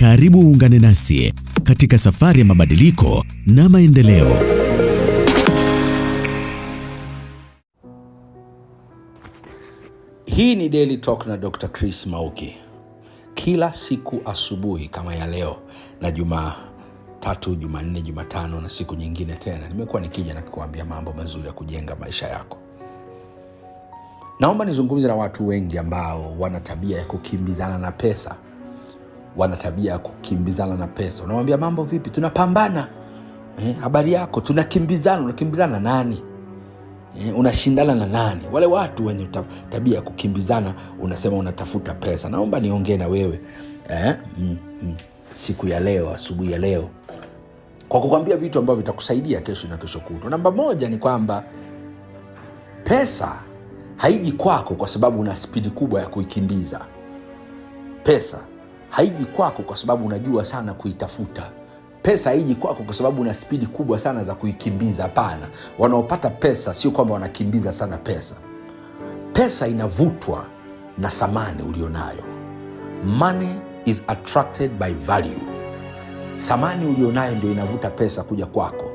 Karibu uungane nasi katika safari ya mabadiliko na maendeleo. Hii ni Daily Talk na Dr. Chris Mauki. Kila siku asubuhi kama ya leo na Jumatatu, Jumanne, Jumatano na siku nyingine tena, nimekuwa nikija na kukuambia mambo mazuri ya kujenga maisha yako. Naomba nizungumze na watu wengi ambao wana tabia ya kukimbizana na pesa wana tabia ya kukimbizana na pesa. Unamwambia mambo vipi, tunapambana eh, habari yako, tunakimbizana. Unakimbizana na nani? Eh, unashindana na nani? Wale watu wenye tabia ya kukimbizana, unasema unatafuta pesa. Naomba niongee na wewe eh, mm, mm, siku ya leo, asubuhi ya leo, kwa kukwambia vitu ambavyo vitakusaidia kesho na kesho kutwa. Namba moja ni kwamba pesa haiji kwako kwa sababu una spidi kubwa ya kuikimbiza pesa haiji kwako kwa sababu unajua sana kuitafuta pesa haiji kwako kwa sababu una spidi kubwa sana za kuikimbiza hapana wanaopata pesa sio kwamba wanakimbiza sana pesa pesa inavutwa na thamani ulionayo money is attracted by value thamani ulionayo ndio inavuta pesa kuja kwako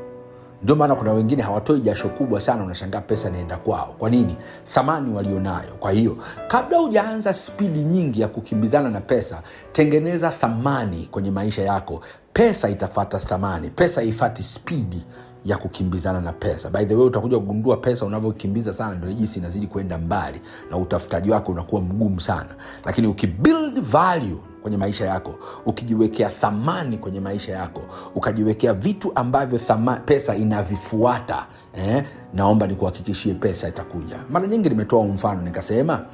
ndio maana kuna wengine hawatoi jasho kubwa sana, unashangaa pesa inaenda kwao. Kwa nini? Thamani walionayo. Kwa hiyo kabla hujaanza spidi nyingi ya kukimbizana na pesa, tengeneza thamani kwenye maisha yako. Pesa itafata thamani, pesa ifati spidi ya kukimbizana na pesa. By the way, utakuja kugundua pesa unavyokimbiza sana ndio jinsi inazidi kwenda mbali na utafutaji wake unakuwa mgumu sana, lakini ukibuild value kwenye maisha yako, ukijiwekea thamani kwenye maisha yako, ukajiwekea vitu ambavyo thama, pesa inavifuata eh, naomba nikuhakikishie, pesa itakuja. Mara nyingi nimetoa mfano nikasema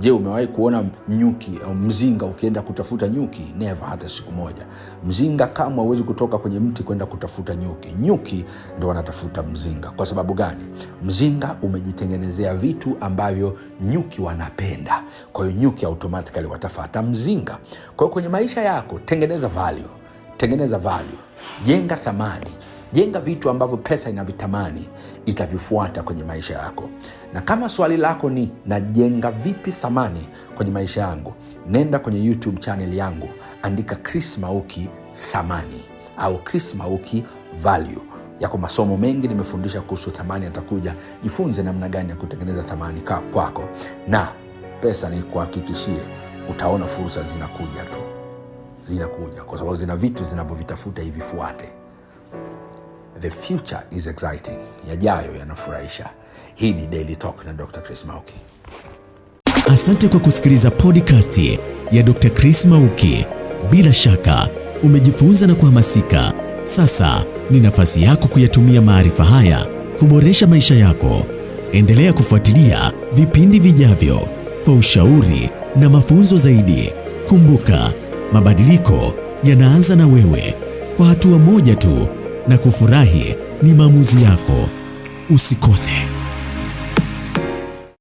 Je, umewahi kuona nyuki au mzinga ukienda kutafuta nyuki? Neva, hata siku moja. Mzinga kamwe hauwezi kutoka kwenye mti kwenda kutafuta nyuki. Nyuki ndo wanatafuta mzinga. Kwa sababu gani? Mzinga umejitengenezea vitu ambavyo nyuki wanapenda, kwa hiyo nyuki automatically watafata mzinga. Kwa hiyo kwenye maisha yako tengeneza value, tengeneza value, jenga thamani Jenga vitu ambavyo pesa inavitamani, itavifuata kwenye maisha yako. Na kama swali lako ni najenga vipi thamani kwenye maisha yangu, nenda kwenye YouTube channel yangu, andika Chris Mauki thamani au Chris Mauki value. Yako masomo mengi nimefundisha kuhusu thamani, atakuja Jifunze namna gani ya kutengeneza thamani kwako, na pesa ni kuhakikishie utaona fursa zinakuja tu, zinakuja kwa sababu zina vitu zinavyovitafuta, hivifuate. The future is exciting, yajayo yanafurahisha. Hii ni Daily Talk na Dr. Chris Mauki. Asante kwa kusikiliza podcast ya Dr. Chris Mauki. Bila shaka umejifunza na kuhamasika. Sasa ni nafasi yako kuyatumia maarifa haya kuboresha maisha yako. Endelea kufuatilia vipindi vijavyo kwa ushauri na mafunzo zaidi. Kumbuka, mabadiliko yanaanza na wewe, kwa hatua moja tu na kufurahi ni maamuzi yako. Usikose.